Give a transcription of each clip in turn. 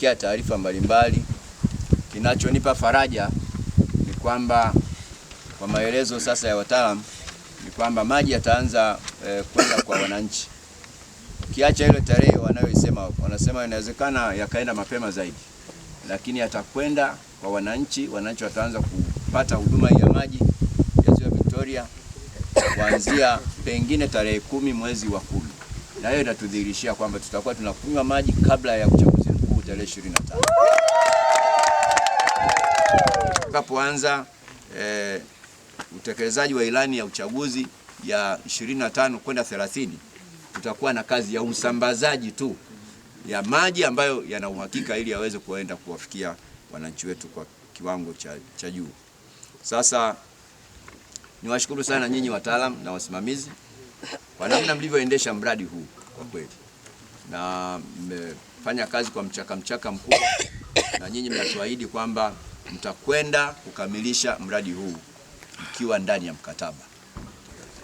kupokea taarifa mbalimbali. Kinachonipa faraja ni kwamba kwa maelezo sasa ya wataalamu ni kwamba maji yataanza eh, kwenda kwa wananchi. Ukiacha ile tarehe wanayosema, wanasema inawezekana yakaenda mapema zaidi, lakini yatakwenda kwa wananchi. Wananchi wataanza kupata huduma ya maji ya Ziwa Victoria kuanzia pengine tarehe kumi mwezi wa kumi, na hiyo inatudhihirishia kwamba tutakuwa tunakunywa maji kabla ya kuchakua tarehe 25 tutakapoanza eh, utekelezaji wa ilani ya uchaguzi ya 25 kwenda 30 tutakuwa na kazi ya usambazaji tu ya maji ambayo yana uhakika ili yaweze kuenda kuwafikia wananchi wetu kwa kiwango cha, cha juu. Sasa niwashukuru sana nyinyi wataalamu na wasimamizi kwa namna mlivyoendesha mradi huu kwa kweli na me, fanya kazi kwa mchaka mchaka mkubwa, na nyinyi mnatuahidi kwamba mtakwenda kukamilisha mradi huu mkiwa ndani ya mkataba.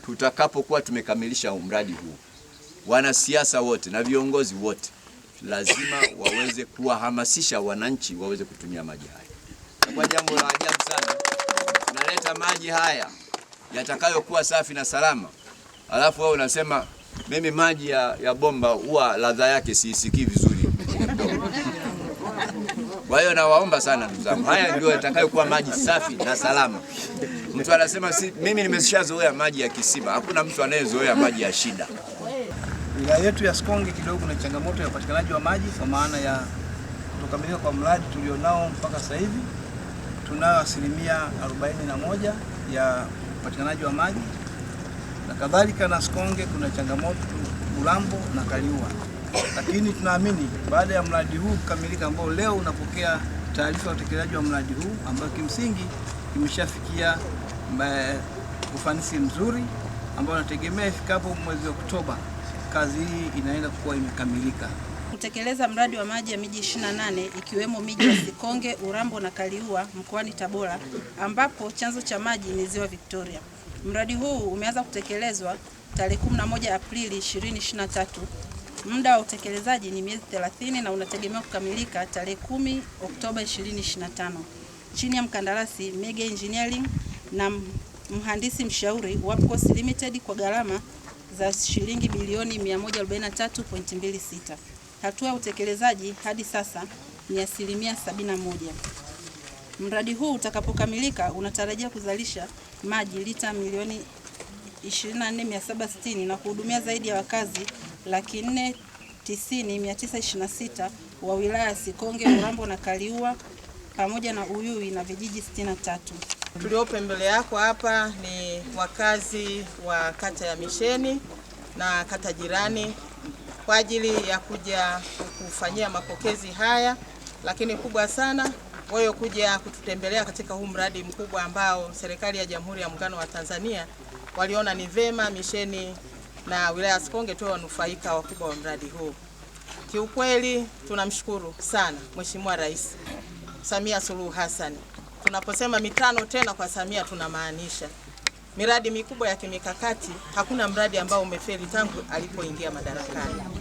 Tutakapokuwa tumekamilisha mradi huu, wanasiasa wote na viongozi wote lazima waweze kuwahamasisha wananchi waweze kutumia maji haya. Kwa jambo la ajabu sana, naleta maji haya yatakayokuwa safi na salama, alafu wao unasema mimi maji ya, ya bomba huwa ladha yake siisikii vizuri. Kwa hiyo nawaomba sana ndugu zangu, haya ndio yatakayokuwa maji safi na salama. Mtu anasema si, mimi nimeshazoea maji ya kisima. Hakuna mtu anayezoea maji ya shida. Wilaya yetu ya Sikonge kidogo kuna changamoto ya upatikanaji wa maji kwa maana ya kutokamilika kwa mradi tulionao mpaka sasa hivi. Tunayo asilimia 41 ya upatikanaji wa maji na kadhalika, na Sikonge kuna changamoto ulambo na Kaliua lakini tunaamini baada ya mradi huu kukamilika, ambao leo unapokea taarifa ya utekelezaji wa mradi huu ambao kimsingi imeshafikia eh, ufanisi mzuri ambao unategemea ifikapo mwezi Oktoba kazi hii inaenda kuwa imekamilika kutekeleza mradi wa maji ya miji 28 ikiwemo miji ya Sikonge, Urambo na Kaliua mkoani Tabora ambapo chanzo cha maji ni ziwa Victoria. Mradi huu umeanza kutekelezwa tarehe 11 Aprili 2023 Muda wa utekelezaji ni miezi 30 na unategemewa kukamilika tarehe 10 Oktoba 2025 chini ya mkandarasi Mega Engineering na mhandisi mshauri Wapcos Limited kwa gharama za shilingi bilioni 143.26. Hatua ya utekelezaji hadi sasa ni asilimia 71. Mradi huu utakapokamilika unatarajia kuzalisha maji lita milioni 24760 na kuhudumia zaidi ya wakazi laki nne tisini mia tisa ishirini na sita wa wilaya Sikonge, Urambo na Kaliua pamoja na Uyui na vijiji 63. Tuliopo mbele yako hapa ni wakazi wa kata ya Misheni na kata jirani kwa ajili ya kuja kufanyia mapokezi haya, lakini kubwa sana wao kuja kututembelea katika huu mradi mkubwa ambao serikali ya Jamhuri ya Muungano wa Tanzania waliona ni vema Misheni na wilaya ya Sikonge tuwe wanufaika wakubwa wa mradi huu. Kiukweli tunamshukuru sana Mheshimiwa Rais Samia Suluhu Hassan. Tunaposema mitano tena kwa Samia tunamaanisha miradi mikubwa ya kimikakati. Hakuna mradi ambao umefeli tangu alipoingia madarakani.